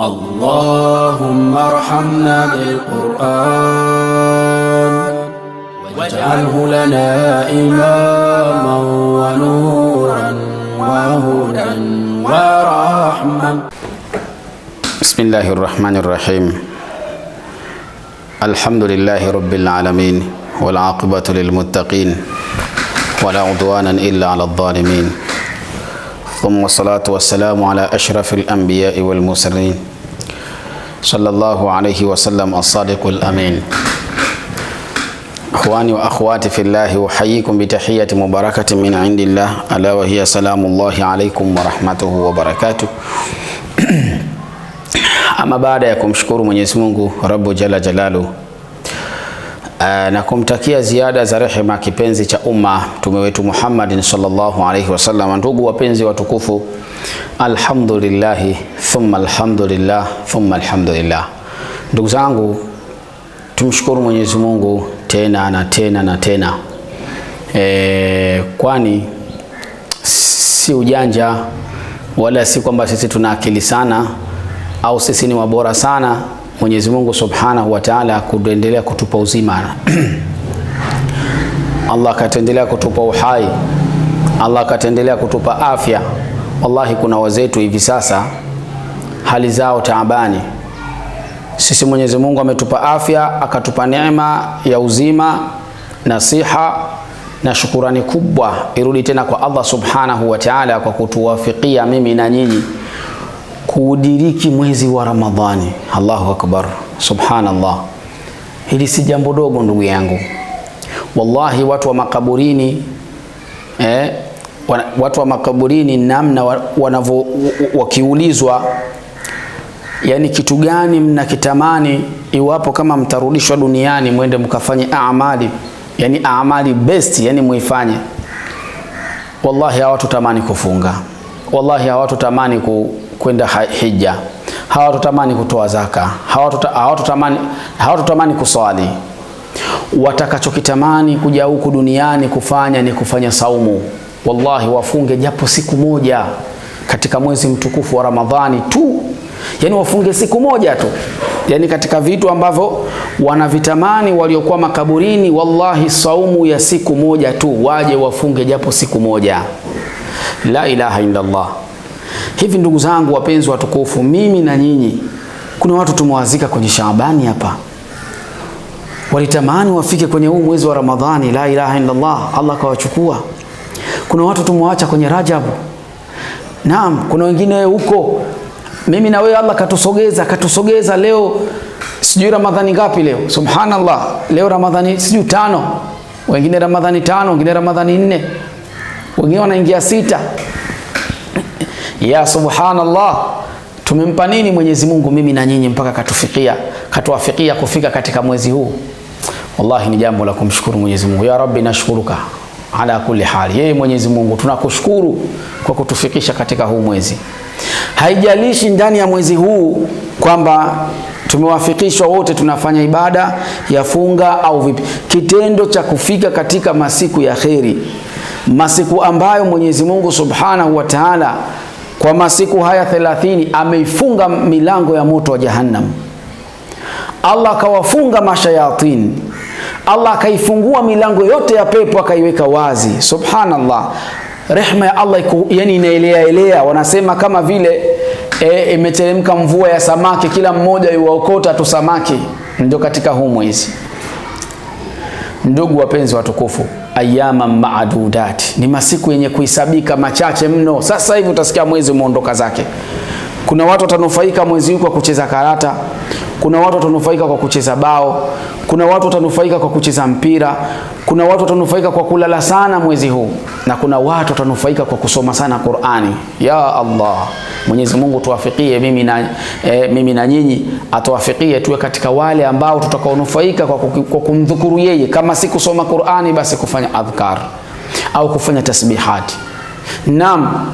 اللهم ارحمنا بالقرآن واجعله لنا إماما ونورا وهدى ورحمة بسم الله الرحمن الرحيم الحمد لله رب العالمين والعاقبة للمتقين ولا عدوانا إلا على الظالمين thumma salatu wassalamu ala ashrafil anbiya'i wal mursalin sallallahu alayhi wasallam as-sadiqul amin. Ikhwani wa akhwati fillahi, uhayikum bitahiyati mubarakatin min indillah ala wa hiya salamullahi alaykum wa rahmatuhu wa barakatuh. Ama baada ya kumshukuru Mwenyezi Mungu Rabbu jala jalalu Eh, na kumtakia ziada za rehema kipenzi cha umma mtume wetu Muhammadin sallallahu alaihi wasallam. Ndugu wapenzi watukufu, alhamdulillah thumma alhamdulillah thumma alhamdulillah. Ndugu zangu, tumshukuru Mwenyezi Mungu tena na tena na tena e, kwani si ujanja wala si kwamba sisi tuna akili sana au sisi ni wabora sana Mwenyezi Mungu Subhanahu wa Ta'ala kuendelea kutupa uzima Allah akatendelea kutupa uhai, Allah akatendelea kutupa afya. Wallahi, kuna wazetu hivi sasa hali zao taabani. Sisi Mwenyezi Mungu ametupa afya, akatupa neema ya uzima na siha, na shukurani kubwa irudi tena kwa Allah Subhanahu wa Ta'ala kwa kutuwafikia mimi na nyinyi kuudiriki mwezi wa Ramadhani. Allahu akbar, subhanallah. Hili si jambo dogo ndugu yangu, wallahi. Watu wa makaburini eh, watu wa makaburini namna wanavyo wakiulizwa, yani kitu gani mnakitamani iwapo kama mtarudishwa duniani mwende mkafanye amali, yani amali best, yani muifanye, wallahi hawatutamani kufunga, wallahi hawatutamani ku kwenda hija, hawatotamani kutoa zaka, hawatotamani hawatotamani kuswali. Watakachokitamani kuja huku duniani kufanya ni kufanya saumu. Wallahi, wafunge japo siku moja katika mwezi mtukufu wa Ramadhani tu, yani wafunge siku moja tu, yani katika vitu ambavyo wanavitamani waliokuwa makaburini. Wallahi, saumu ya siku moja tu, waje wafunge japo siku moja. La ilaha Allah. Hivi ndugu zangu wapenzi watukufu, mimi na nyinyi, kuna watu tumewazika kwenye Shaabani hapa, walitamani wafike kwenye huu mwezi wa Ramadhani, la ilaha illallah, Allah kawachukua. Kuna watu tumewaacha kwenye Rajabu, naam. Kuna wengine huko, mimi na wewe, Allah katusogeza, katusogeza leo sijui Ramadhani ngapi leo, subhanallah, leo Ramadhani sijui tano, wengine Ramadhani tano, wengine Ramadhani nne, wengine wanaingia sita ya subhanallah, tumempa nini Mwenyezi Mungu mimi na nyinyi mpaka katufikia katuafikia kufika katika mwezi huu? Wallahi ni jambo la kumshukuru Mwenyezi Mungu. Ya Rabbi, nashkuruka ala kulli hali. Yeye Mwenyezi Mungu, tunakushukuru kwa kutufikisha katika huu mwezi. Haijalishi ndani ya mwezi huu kwamba tumewafikishwa wote tunafanya ibada ya funga au vipi. Kitendo cha kufika katika masiku ya kheri, masiku ambayo Mwenyezi Mungu Subhanahu wa Ta'ala kwa masiku haya 30 ameifunga milango ya moto wa Jahannam. Allah akawafunga mashayatin, Allah akaifungua milango yote ya pepo akaiweka wazi. Subhanallah rehma ya Allah iku, yani inaelea elea, wanasema kama vile e, imeteremka mvua ya samaki, kila mmoja yuwaokota tu samaki. Ndio katika huu hizi, ndugu wapenzi watukufu, ayama maadudati, ni masiku yenye kuhisabika machache mno. Sasa hivi utasikia mwezi umeondoka zake. Kuna watu watanufaika mwezi huu kwa kucheza karata, kuna watu watanufaika kwa kucheza bao, kuna watu watanufaika kwa kucheza mpira, kuna watu watanufaika kwa kulala sana mwezi huu, na kuna watu watanufaika kwa kusoma sana Qur'ani. Ya Allah, Mwenyezi Mungu tuwafikie mimi na, e, mimi na nyinyi, atuwafikie tuwe katika wale ambao tutakaonufaika kwa, kwa kumdhukuru yeye, kama si kusoma Qur'ani basi kufanya adhkar au kufanya tasbihati. Naam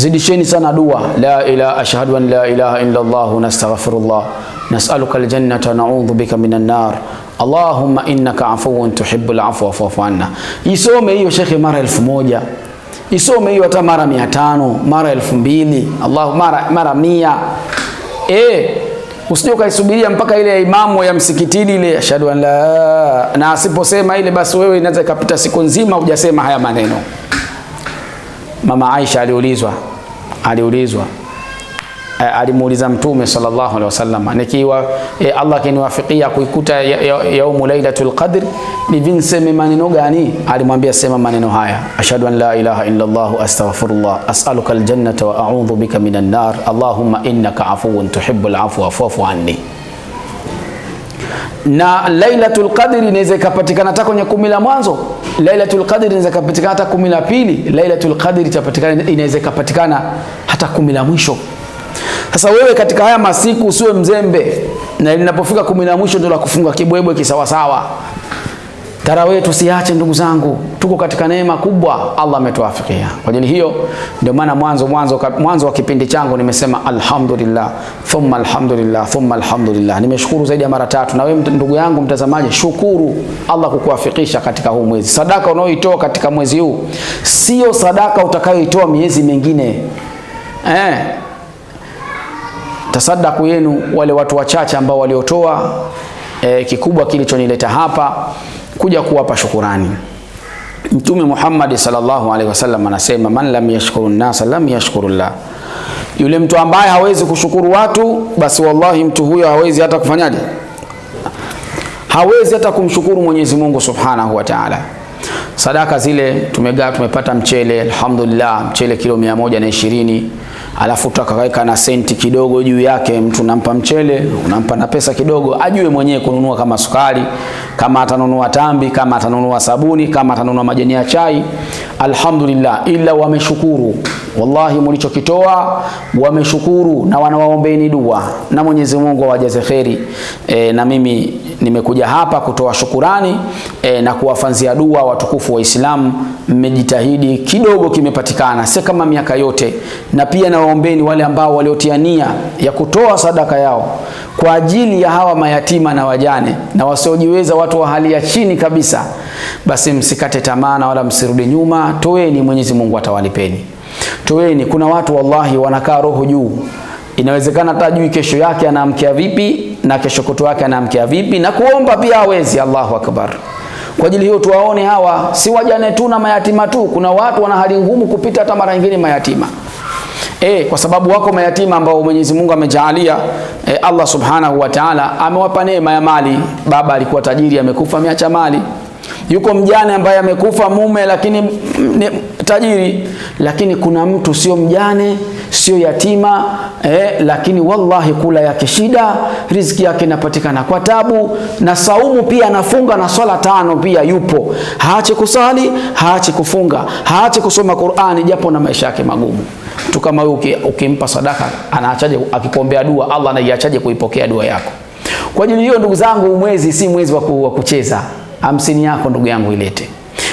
zidisheni sana dua la ilaha ashhadu an la ilaha illa Allah nastaghfirullah nas'aluka aljannata na'udhu bika minan nar Allahumma innaka afuwun tuhibbul afwa fa'fu anna. Isome hiyo shekhe mara elfu moja isome hiyo hata mara mia tano mara elfu mbili Allah mara, mara mia e, usije ukaisubiria mpaka ile imamu ya msikitini ile ashhadu an la na asiposema ile basi wewe inaweza ikapita siku nzima hujasema haya maneno. Mama Aisha aliulizwa aliulizwa e, alimuuliza Mtume sallallahu alaihi wasallam nikiwa e, Allah akiniwafikia kuikuta yaumu lailatul qadr, ni vinseme maneno gani? Alimwambia sema maneno haya, ashhadu an la ilaha illa Allah astaghfirullah as'aluka aljannata wa a'udhu bika minan nar allahumma innaka afuwun tuhibbul afwa fa'fu anni na Lailatul qadr inaweza ikapatikana hata kwenye kumi la mwanzo Lailatul Qadr inaweza kupatikana hata kumi la pili, Lailatul Qadr itapatikana inaweza kupatikana hata kumi la mwisho. Sasa wewe katika haya masiku usiwe mzembe, na linapofika kumi la mwisho ndio la kufunga kibwebwe kisawasawa. Tarawih tusiache ndugu zangu, tuko katika neema kubwa Allah ametuafikia. Kwa ajili hiyo ndio maana mwanzo mwanzo mwanzo wa kipindi changu nimesema alhamdulillah thumma alhamdulillah thumma alhamdulillah. Nimeshukuru zaidi ya mara tatu. Na wewe ndugu yangu mtazamaji, shukuru Allah kukuafikisha katika huu mwezi. Sadaka unayoitoa katika mwezi huu sio sadaka utakayoitoa miezi mingine eh. Tasadaku yenu wale watu wachache ambao waliotoa eh, kikubwa kilichonileta hapa kuja kuwapa shukurani. Mtume Muhammad sallallahu alaihi wasallam anasema, man lam yashkuru nnasa lam yashkuru llah, yule mtu ambaye hawezi kushukuru watu, basi wallahi mtu huyo hawezi hata kufanyaje, hawezi hata kumshukuru Mwenyezi Mungu subhanahu wa ta'ala. Sadaka zile tumegaa, tumepata mchele alhamdulillah, mchele kilo 120 alafu tukaweka na senti kidogo juu yake, mtu unampa mchele, unampa na pesa kidogo, ajue mwenyewe kununua, kama sukari, kama atanunua tambi, kama atanunua sabuni, kama atanunua majani ya chai. Alhamdulillah, ila wameshukuru wallahi, mlichokitoa wameshukuru, na wanawaombeeni dua, na Mwenyezi Mungu awajaze kheri. E, na mimi nimekuja hapa kutoa shukurani e, na kuwafanzia dua watukufu Waislamu. Mmejitahidi kidogo kimepatikana, si kama miaka yote, na pia nawaombeni wale ambao waliotia nia ya kutoa sadaka yao kwa ajili ya hawa mayatima na wajane na wasiojiweza, watu wa hali ya chini kabisa, basi msikate tamaa na wala msirudi nyuma. Toweni, Mwenyezi Mungu atawalipeni. Toweni. Kuna watu wallahi wanakaa roho juu, inawezekana hata kesho yake anaamkia vipi na kesho kutu wake anaamkia vipi na kuomba pia awezi Allahu akbar. Kwa ajili hiyo tuwaone hawa si wajane tu na mayatima tu, kuna watu wana hali ngumu kupita hata mara nyingine mayatima E, kwa sababu wako mayatima ambao Mwenyezi Mungu amejaalia e, Allah Subhanahu wa Ta'ala amewapa neema ya mali. Baba alikuwa tajiri, amekufa, ameacha mali yuko mjane ambaye amekufa mume lakini ni tajiri, lakini kuna mtu sio mjane sio yatima eh, lakini wallahi kula yake shida, riziki yake inapatikana kwa tabu, na saumu pia anafunga na swala tano pia yupo, haachi kusali, haachi kufunga, haachi kusoma Qur'ani, japo na maisha yake magumu mtu Kama wewe ukimpa sadaka, anaachaje? Akikuombea dua, Allah anaiachaje kuipokea dua yako? Kwa ajili hiyo, ndugu zangu, mwezi si mwezi wa kucheza hamsini yako ndugu yangu ilete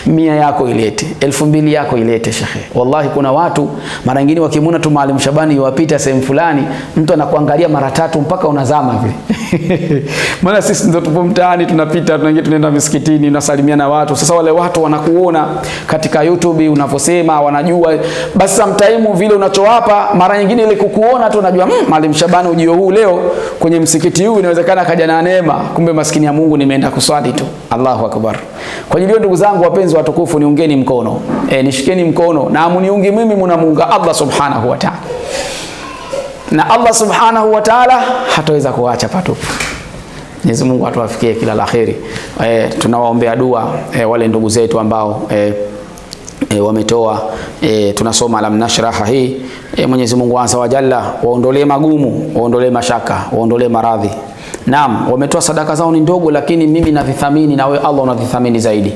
mia yako ilete, elfu mbili yako ilete shekhe. Wallahi, kuna watu mara nyingine wakimuona tu Maalim Shabani yuwapita sehemu fulani, mtu anakuangalia mara tatu mpaka unazama vile maana sisi ndio tupo mtaani, tunapita tunaingia, tunaenda misikitini, na watu. Sasa wale watu wanakuona katika YouTube unavyosema, wanajua basi, sometimes vile unachowapa mara nyingine ile kukuona tu unajua, mmm, Maalim Shabani ujio huu leo kwenye msikiti huu inawezekana akaja na neema, kumbe maskini ya Mungu nimeenda kuswali tu. Allahu akbar. Kwa hiyo ndugu zangu wapenzi watukufu, niungeni mkono e, nishikeni mkono na muniungi mimi, munamuunga Allah subhanahu wa ta'ala, na Allah subhanahu wa ta'ala hataweza kuacha patupu. Mwenyezi Mungu atuwafikie kila la E, tunawaombea dua e, wale ndugu zetu ambao e, E, wametoa e, tunasoma alam nashraha hii e, Mwenyezi Mungu azza wa jalla waondolee magumu, waondolee mashaka, waondolee maradhi. Naam, wametoa sadaka zao ni ndogo, lakini mimi nadhithamini na wewe Allah unadhithamini zaidi.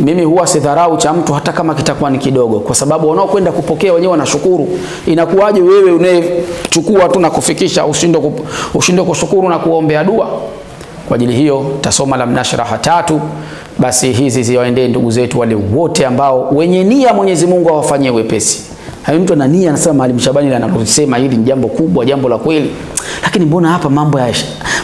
Mimi huwa sidharau cha mtu hata kama kitakuwa ni kidogo, kwa sababu wanaokwenda kupokea wenyewe wanashukuru. Inakuwaje wewe unayechukua tu na kufikisha ushindwe kushukuru na kuombea dua? Kwa ajili hiyo tasoma la mnashraha tatu. Basi hizi ziwaendee ndugu zetu wale wote ambao wenye nia, Mwenyezi Mungu awafanyie wepesi. Hayo mtu ana nia anasema, Maalim Shabani analosema hili ni jambo kubwa, jambo la kweli, lakini mbona hapa mambo ya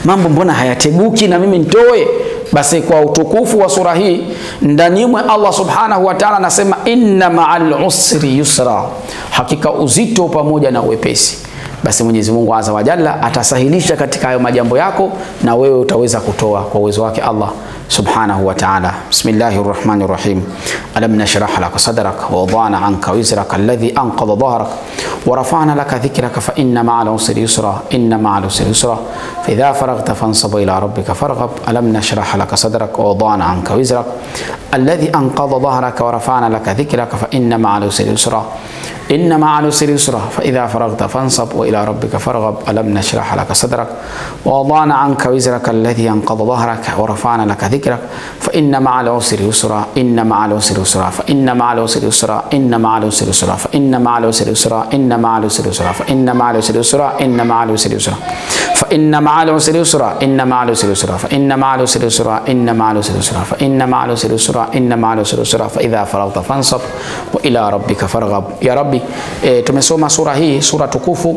mambo mbona hayateguki na mimi nitoe basi kwa utukufu wa sura hii ndani mwe Allah subhanahu wa ta'ala anasema inna ma'al usri yusra, hakika uzito pamoja na uwepesi. Basi Mwenyezi Mungu azza wa jalla atasahilisha katika hayo majambo yako, na wewe utaweza kutoa kwa uwezo wake Allah سبحانه وتعالى بسم الله الرحمن الرحيم ألم نشرح لك صدرك ووضعنا عنك وزرك الذي أنقض ظهرك ورفعنا لك ذكرك فإن مع العسر يسرا إن مع العسر يسرا فإذا فرغت فانصب إلى ربك فارغب ألم نشرح لك صدرك ووضعنا عنك وزرك الذي أنقض ظهرك ورفعنا لك ذكرك فإن مع العسر يسرا إن مع العسر يسرا فإذا فرغت فانصب وإلى ربك فارغب ألم نشرح لك صدرك ووضعنا عنك وزرك الذي أنقض ظهرك ورفعنا لك dhikrak fa inna ma'al usri yusra inna ma'al usri yusra fa inna ma'al usri yusra inna ma'al usri yusra fa inna ma'al usri yusra inna ma'al usri yusra fa inna ma'al usri yusra inna ma'al usri yusra fa inna ma'al usri yusra inna ma'al usri yusra fa inna ma'al usri yusra inna ma'al usri yusra fa inna ma'al usri yusra inna ma'al usri yusra fa idha faragta fansab wa ila rabbika farghab ya rabbi e, tumesoma sura hii sura tukufu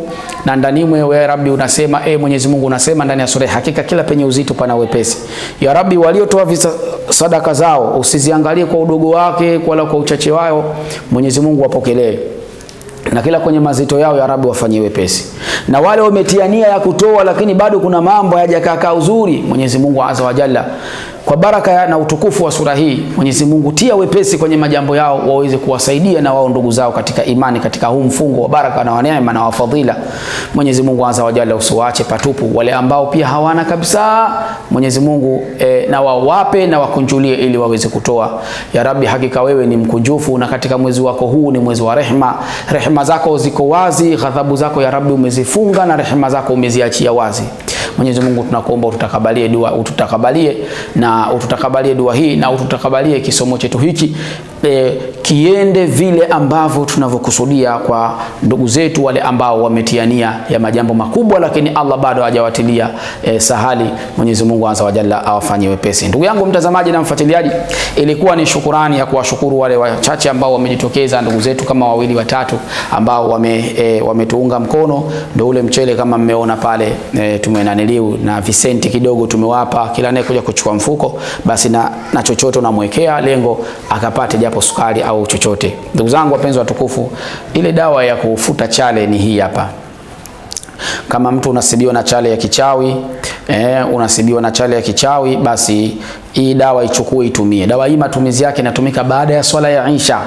na ndani mwe wewe rabbi unasema e, Mwenyezi Mungu unasema ndani ya sura hakika kila penye uzito pana wepesi ya rabbi walio waliotoa visa sadaka zao usiziangalie kwa udogo wake wala kwa uchache wao. Mwenyezi Mungu wapokelee na kila kwenye mazito yao, ya Rabu wafanyie wepesi. Na wale wametia nia ya kutoa, lakini bado kuna mambo hayajakaakaa uzuri, Mwenyezi Mungu azza wa jalla kwa baraka na utukufu wa sura hii, Mwenyezi Mungu tia wepesi kwenye majambo yao, waweze kuwasaidia na wao ndugu zao katika imani, katika huu mfungo wa baraka na waneema na wafadhila. Mwenyezi Mungu anza wa jalla usiwaache patupu wale ambao pia hawana kabisa. Mwenyezi Mungu e, na wawape na wakunjulie ili waweze kutoa. Ya Rabbi, hakika wewe ni mkunjufu, na katika mwezi wako huu ni mwezi wa rehma. Rehma zako ziko wazi, ghadhabu zako ya Rabbi umezifunga, na rehma zako umeziachia wazi. Mwenyezi Mungu tunakuomba ututakabalie dua, ututakabalie na ututakabalie dua hii na ututakabalie kisomo chetu hiki e, kiende vile ambavyo tunavyokusudia kwa ndugu zetu wale ambao wametiania ya majambo makubwa, lakini Allah bado hajawatilia e, sahali. Mwenyezi Mungu anza wajalla Jalla awafanyie wepesi. Ndugu yangu mtazamaji na mfuatiliaji, ilikuwa ni shukurani ya kuwashukuru wale wachache ambao wamejitokeza, ndugu zetu kama wawili watatu ambao wame e, wametuunga mkono. Ndio ule mchele kama mmeona pale e, eh, tumenaniliu na visenti kidogo tumewapa, kila anayekuja kuchukua mfuko basi na, na chochote unamwekea lengo akapate japo sukari au au chochote. Ndugu zangu wapenzi watukufu, ile dawa ya kufuta chale ni hii hapa. Kama mtu unasibiwa na chale ya kichawi eh, unasibiwa na chale ya kichawi, basi hii dawa ichukue, itumie dawa hii. Matumizi yake inatumika baada ya swala ya Isha.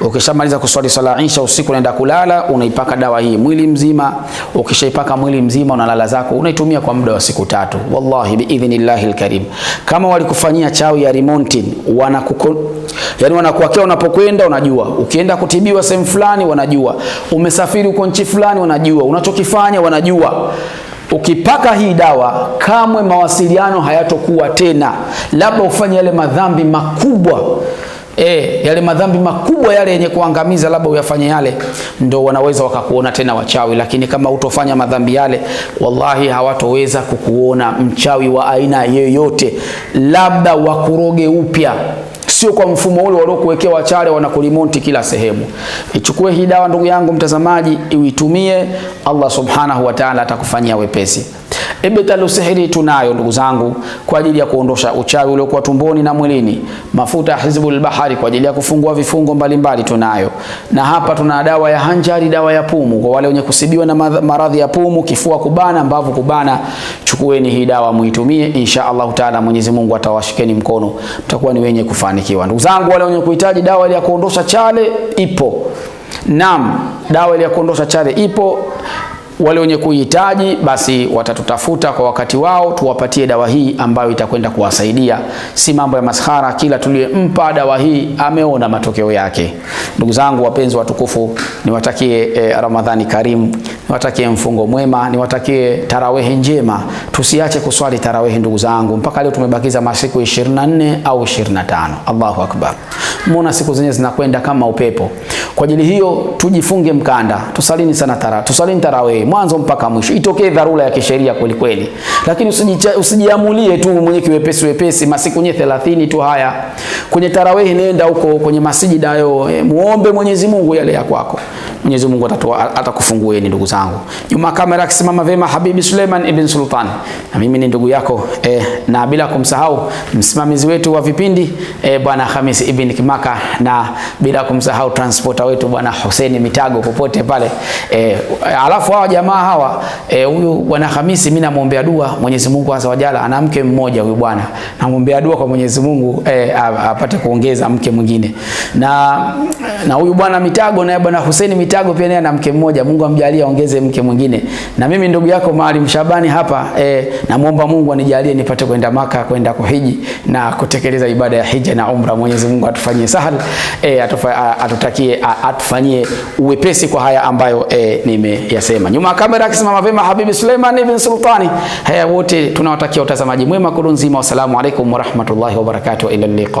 Ukishamaliza kuswali swala isha usiku, unaenda kulala, unaipaka dawa hii mwili mzima. Ukishaipaka mwili mzima, unalala zako, unaitumia kwa muda wa siku tatu. Wallahi biidhnillahi alkarim, kama walikufanyia chawi ya Remontin, wanakuko yani wanakuwakia, unapokwenda, unajua. Ukienda kutibiwa sehemu fulani, wanajua. Umesafiri uko nchi fulani, wanajua. Unachokifanya wanajua. Ukipaka hii dawa kamwe mawasiliano hayatokuwa tena, labda ufanye yale madhambi makubwa e, yale madhambi makubwa yale yenye kuangamiza, labda uyafanye yale, ndo wanaweza wakakuona tena wachawi. Lakini kama utofanya madhambi yale, wallahi hawatoweza kukuona mchawi wa aina yeyote labda wakuroge upya sio kwa mfumo ule waliokuwekea wachare wanakulimonti kila sehemu. Ichukue hii dawa ndugu yangu mtazamaji, uitumie. Allah subhanahu wa ta'ala atakufanyia wepesi. Ibtalu sihiri tunayo ndugu zangu, kwa ajili ya kuondosha uchawi uliokuwa tumboni na mwilini. Mafuta ya hizbul bahari kwa ajili ya kufungua vifungo mbalimbali tunayo, na hapa tuna dawa ya hanjari, dawa ya pumu kwa wale wenye kusibiwa na maradhi ya pumu, kifua kubana, mbavu kubana. Chukueni hii dawa muitumie, insha Allah taala, Mwenyezi Mungu atawashikeni mkono, mtakuwa ni wenye kufanikiwa. Ndugu zangu, wale wenye kuhitaji dawa ya kuondosha chale ipo, naam, dawa ya kuondosha chale ipo wale wenye kuhitaji basi watatutafuta kwa wakati wao, tuwapatie dawa hii ambayo itakwenda kuwasaidia. Si mambo ya maskhara, kila tuliyempa dawa hii ameona matokeo yake. Ndugu zangu wapenzi watukufu, niwatakie eh, Ramadhani karimu, niwatakie mfungo mwema, niwatakie tarawehe njema. Tusiache kuswali tarawehe ndugu zangu, mpaka leo tumebakiza masiku 24 au 25. Allahu akbar, muona siku zenyewe zinakwenda kama upepo. Kwa ajili hiyo tujifunge mkanda, tusalini sana tara, tusalini tarawehe mwanzo mpaka mwisho, itokee dharura ya kisheria kweli kweli, lakini usijiamulie tu mwenye kiwepesi wepesi, masiku nye 30 tu haya. Kwenye tarawehi nenda huko kwenye masjid hayo, e, muombe Mwenyezi Mungu yale ya kwako, Mwenyezi Mungu atatoa atakufungueni. Ndugu zangu, nyuma kamera akisimama vema Habibi Suleiman ibn Sultan, na mimi ni ndugu yako e, na bila kumsahau msimamizi wetu wa vipindi e, bwana Hamisi ibn Kimaka, na bila kumsahau transporter wetu bwana Hussein Mitago popote pale e, alafu hawa jamaa hawa e, huyu bwana Hamisi mimi namuombea dua Mwenyezi Mungu azza wajala, ana mke mmoja huyu bwana, namuombea dua kwa Mwenyezi Mungu e, apate kuongeza mke mwingine. Na na huyu bwana Mitago na bwana Hussein Mitago pia naye ana mke mmoja, Mungu amjalie aongeze mke mwingine. Na mimi ndugu yako Maalim Shabani hapa e, eh, namuomba Mungu anijalie nipate kwenda Maka kwenda kuhiji na kutekeleza ibada ya hija na umra. Mwenyezi Mungu atufanyie sahal e, atufa, atutakie atufanyie uwepesi kwa haya ambayo e, nimeyasema nyuma kamera akisimama vema Habibi Suleiman ibn Sultani. Haya wote tunawatakia utazamaji mwema kulunzima. Wassalamu alaikum warahmatullahi wabarakatuh, ila liqa